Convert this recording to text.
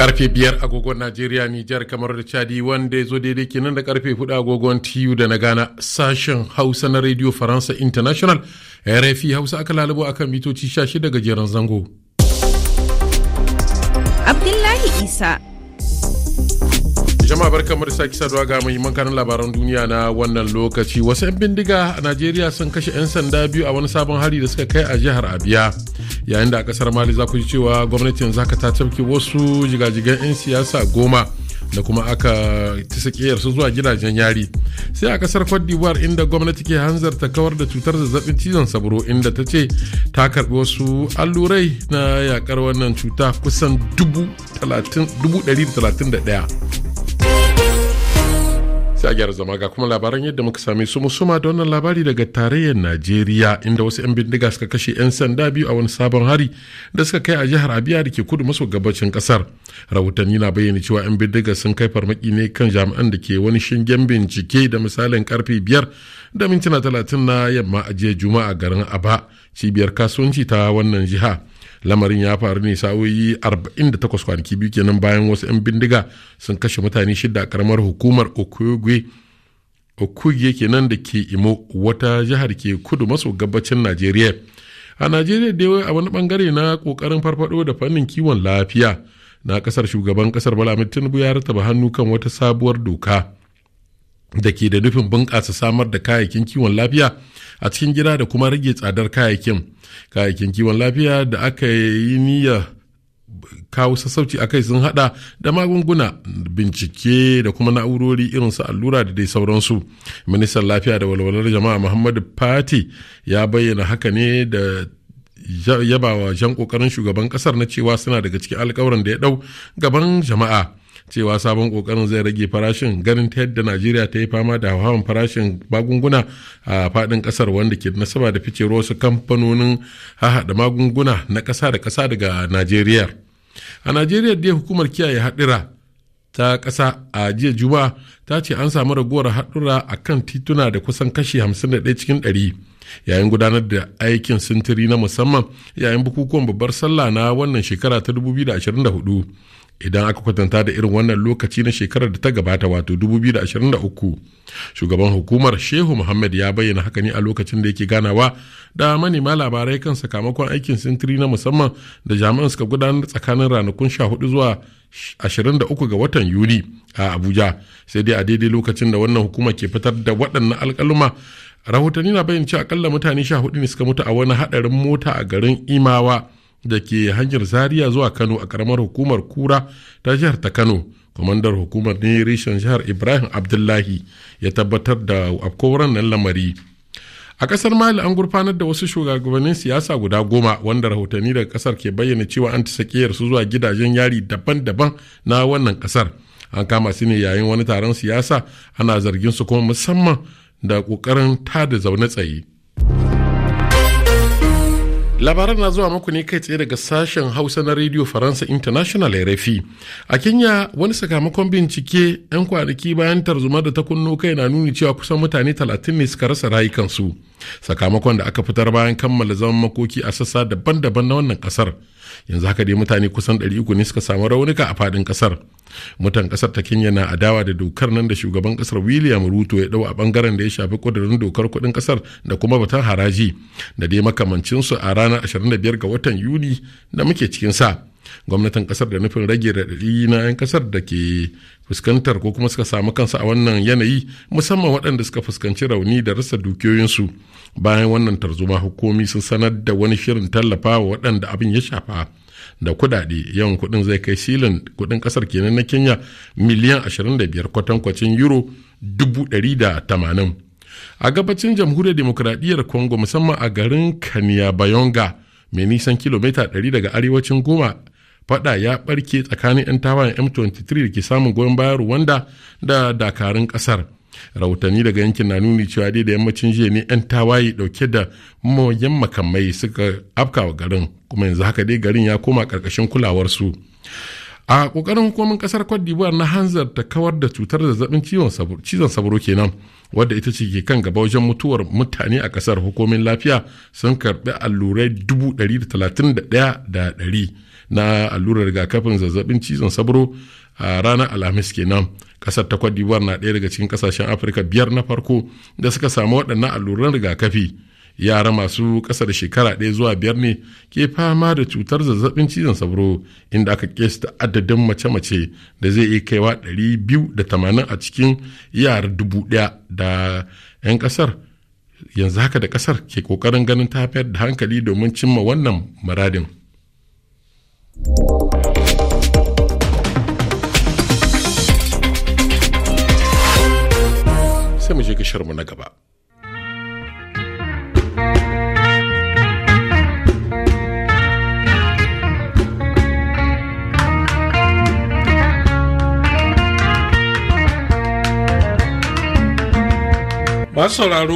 karfe biyar agogon najeriya nijar kamar da chadi wanda ya zo daidai kenan da karfe hudu agogon TU da na gana sashen hausa na radio faransa international rfi hausa aka lalubo akan mitoci 16 gajeren zango abdullahi isa jama'a barkanmu da sake saduwa ga muhimman kanun labaran duniya na wannan lokaci wasu 'yan bindiga a najeriya sun kashe 'yan sanda biyu a wani sabon hari da suka kai a jihar abia yayin da a kasar mali za ku ji cewa gwamnatin zaka ta tafki wasu jigajigan 'yan siyasa goma da kuma aka tisa su zuwa gidajen yari sai a kasar cote d'ivoire inda gwamnati ke hanzarta kawar da cutar zazzabin cizon saburo inda ta ce ta karbi wasu allurai na yakar wannan cuta kusan 131 sai zama ga kuma labaran yadda muka same su musuma da wannan labari daga tarayyar najeriya inda wasu 'yan bindiga suka kashe 'yan sanda biyu a wani sabon hari da suka kai a jihar abiya da ke kudu maso gabacin kasar rahotanni na bayyana cewa 'yan bindiga sun kai farmaki ne kan jami'an da ke wani shingen bincike da misalin karfe biyar da mintuna talatin na yamma a jiya juma'a garin aba cibiyar kasuwanci ta wannan jiha lamarin ya faru ne sa'o'i 48 kwanaki biyu kenan bayan wasu 'yan bindiga sun kashe mutane shida a karamar hukumar okogwe okuge kenan da ke imo wata jihar ke kudu maso gabacin najeriya a najeriya dai a wani bangare na kokarin farfado da fannin kiwon lafiya na kasar shugaban kasar bala tinubu ya rataba hannu kan wata sabuwar doka da ke da nufin bunƙasa samar da kayayyakin kiwon lafiya a cikin gida da kuma rage tsadar kayayyakin kayayyakin kiwon lafiya da aka yi niyya kawo sassauci a kai sun hada da magunguna bincike da kuma na'urori irin su allura da dai sauransu ministan lafiya da walwalar jama'a muhammadu fati ya bayyana haka ne da yabawa jan kokarin shugaban kasar na cewa suna daga cikin alkawarin da ya dau gaban jama'a cewa sabon kokarin zai rage farashin ganin ta yadda najeriya ta yi fama da hauhawan farashin magunguna a fadin kasar wanda ke nasaba da fice wasu kamfanonin hahaɗa magunguna na ƙasa da kasa daga najeriya a najeriya dai hukumar kiyaye haɗira ta kasa a jiya juma'a ta ce an samu raguwar haɗura a kan tituna da kusan kashi ɗaya cikin ɗari. yayin gudanar da aikin sintiri na musamman yayin bukukuwan babbar sallah na wannan shekara ta 2024 idan aka kwatanta da irin wannan lokaci na shekarar da ta gabata wato 2023 shugaban hukumar shehu muhammad ya bayyana haka ne a lokacin da yake ganawa da manema labarai kan sakamakon aikin sintiri na musamman da jami'an suka gudanar tsakanin ranakun 14 zuwa 23 ga watan yuli a abuja sai dai a daidai lokacin da wannan hukumar ke fitar da waɗannan alƙaluma rahotanni na bayyana cewa akalla mutane sha hudu ne suka mutu a wani hadarin mota a garin imawa da ke hanyar zaria zuwa kano a karamar hukumar kura ta jihar ta kano kwamandar hukumar ne reshen jihar ibrahim abdullahi ya tabbatar da afkowar nan lamari a kasar mali an gurfanar da wasu shugabannin siyasa guda goma wanda rahotanni daga kasar ke bayyana cewa an ta su zuwa gidajen yari daban-daban na wannan kasar an kama su ne yayin wani taron siyasa ana zargin su kuma musamman da ƙoƙarin tada zaune tsaye labaran na zuwa muku ne kai tsaye daga sashen hausa na radio faransa international rfi a kenya wani sakamakon bincike 'yan kwanaki bayan tarzoma da ta kunno kai na nuni cewa kusan mutane 30 ne suka rasa rayukansu sakamakon da aka fitar bayan kammala zaman makoki a sassa daban-daban na wannan kasar yanzu haka dai mutane kusan uku ne suka samu raunuka a fadin kasar mutan kasar ta kenya na adawa da dokar nan da shugaban kasar william ruto ya dau a bangaren da ya shafi kudurin dokar kudin kasar da kuma batan haraji da dai makamancinsu a ranar 25 ga watan yuni da muke cikin sa gwamnatin kasar da nufin rage raɗaɗi na 'yan kasar da ke fuskantar ko kuma suka samu kansu a wannan yanayi musamman waɗanda suka fuskanci rauni da rasa dukiyoyinsu bayan wannan tarzoma hukumi sun sanar da wani shirin tallafa wa waɗanda abin ya shafa da kuɗaɗe yawan kuɗin zai kai silin kuɗin ƙasar kenan na kenya miliyan 25 kwatankwacin euro 180 a gabacin jamhuriyar demokuraɗiyyar congo musamman a garin kaniya bayonga mai nisan kilomita 100 daga arewacin goma fada ya barke tsakanin 'yan tawayen m23 da ke samun goyon bayan rwanda da dakarun kasar rahotanni daga yankin na nuni cewa dai da yammacin jiya ne 'yan tawaye dauke da mayan makamai suka afkawa garin kuma yanzu haka dai garin ya koma karkashin kulawarsu a kokarin hukumomin kasar cote d'ivoire na hanzarta kawar da cutar zazzabin cizon saburo kenan wadda ita ce ke kan gaba wajen mutuwar mutane a kasar hukumin lafiya sun karbi allurai da 131,100 na allurar rigakafin zazzabin cizon saburo a ranar alhamis kenan kasar ta cote d'ivoire na ɗaya daga cikin kasashen afirka biyar na farko da suka samu waɗannan alluran rigakafi yara masu ƙasa da shekara ɗaya zuwa biyar ne ke fama da cutar zazzabin cizon sauro inda aka kesta adadin mace-mace da zai iya kaiwa 280 a cikin yara dubu ɗaya da 'yan ƙasar yanzu haka da ƙasar ke ƙoƙarin ganin tafiyar da hankali domin cimma wannan muradin. sai mu je ga mu na gaba. masu sauraro